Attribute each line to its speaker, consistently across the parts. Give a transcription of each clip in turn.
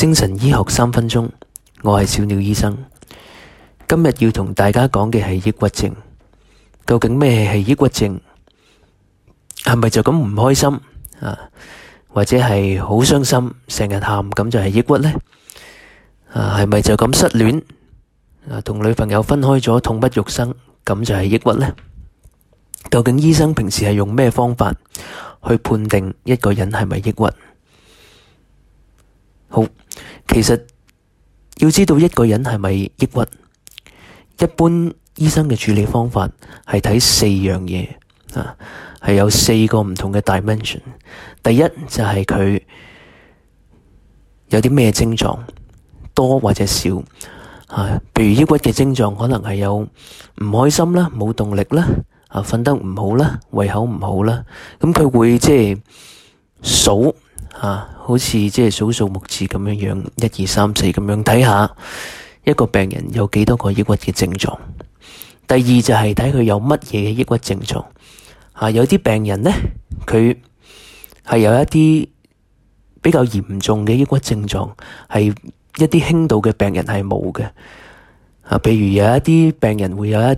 Speaker 1: 精神醫學三分鐘，我係小鳥醫生，今日要同大家講嘅係抑鬱症。究竟咩係抑鬱症？係咪就咁唔開心啊？或者係好傷心，成日喊咁就係抑鬱呢？啊，係咪就咁失戀啊？同女朋友分開咗，痛不欲生，咁就係抑鬱呢？究竟醫生平時係用咩方法去判定一個人係咪抑鬱？好。其實要知道一個人係咪抑鬱，一般醫生嘅處理方法係睇四樣嘢啊，係有四個唔同嘅 dimension。第一就係、是、佢有啲咩症狀多或者少啊，譬如抑鬱嘅症狀可能係有唔開心啦、冇動力啦、啊瞓得唔好啦、胃口唔好啦，咁佢會即係數。數吓、啊，好似即係數數目字咁樣樣，一二三四咁樣睇下，一個病人有幾多個抑鬱嘅症狀？第二就係睇佢有乜嘢嘅抑鬱症狀？吓，有啲病人咧，佢係有一啲比較嚴重嘅抑鬱症狀，係一啲輕度嘅病人係冇嘅。啊，譬、啊、如有一啲病人會有一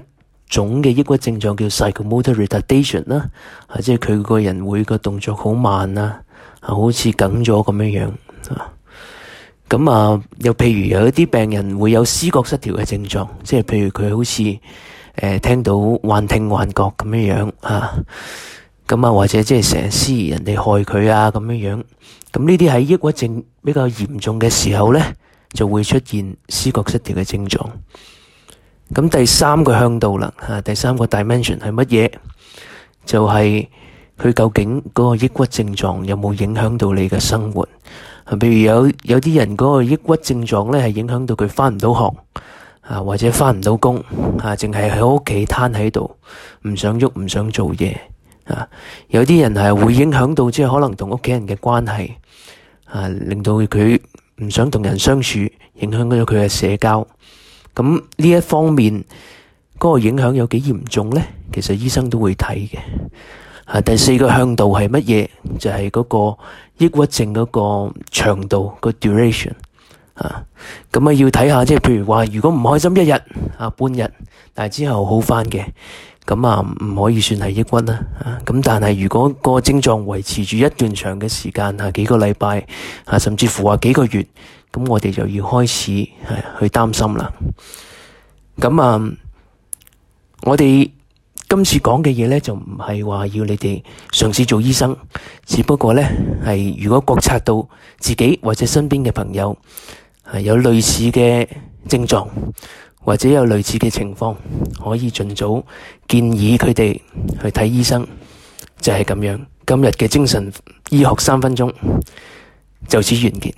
Speaker 1: 種嘅抑鬱症狀叫 psychomotor retardation 啦、啊，啊，即係佢個人會個動作好慢啊。好似梗咗咁樣樣，啊，咁啊，又譬如有一啲病人會有思覺失調嘅症狀，即係譬如佢好似誒、呃、聽到幻聽幻覺咁樣樣，啊，咁啊或者即係成日思疑人哋害佢啊咁樣樣，咁呢啲喺抑鬱症比較嚴重嘅時候咧，就會出現思覺失調嘅症狀。咁第三個向度啦，吓、啊，第三個 dimension 係乜嘢？就係、是。佢究竟嗰個抑鬱症狀有冇影響到你嘅生活？譬如有有啲人嗰個抑鬱症狀咧，係影響到佢翻唔到學啊，或者翻唔到工啊，淨係喺屋企攤喺度，唔想喐，唔想做嘢啊。有啲人係會影響到，即係可能同屋企人嘅關係啊，令到佢唔想同人相處，影響到佢嘅社交。咁呢一方面嗰個影響有幾嚴重咧？其實醫生都會睇嘅。啊，第四個向度係乜嘢？就係、係、嗰個抑鬱症嗰個長度、個 duration 啊，咁啊要睇下，即係譬如話，如果唔開心一日啊半日，但係之後好翻嘅，咁啊唔可以算係抑鬱啦啊。咁、啊、但係如果個症狀維持住一段長嘅時間，啊幾個禮拜啊，甚至乎話幾個月，咁我哋就要開始係、啊、去擔心啦。咁啊，我哋。今次講嘅嘢呢，就唔係話要你哋嘗試做醫生，只不過呢，係如果覺察到自己或者身邊嘅朋友係有類似嘅症狀，或者有類似嘅情況，可以盡早建議佢哋去睇醫生，就係咁樣。今日嘅精神醫學三分鐘就此完結。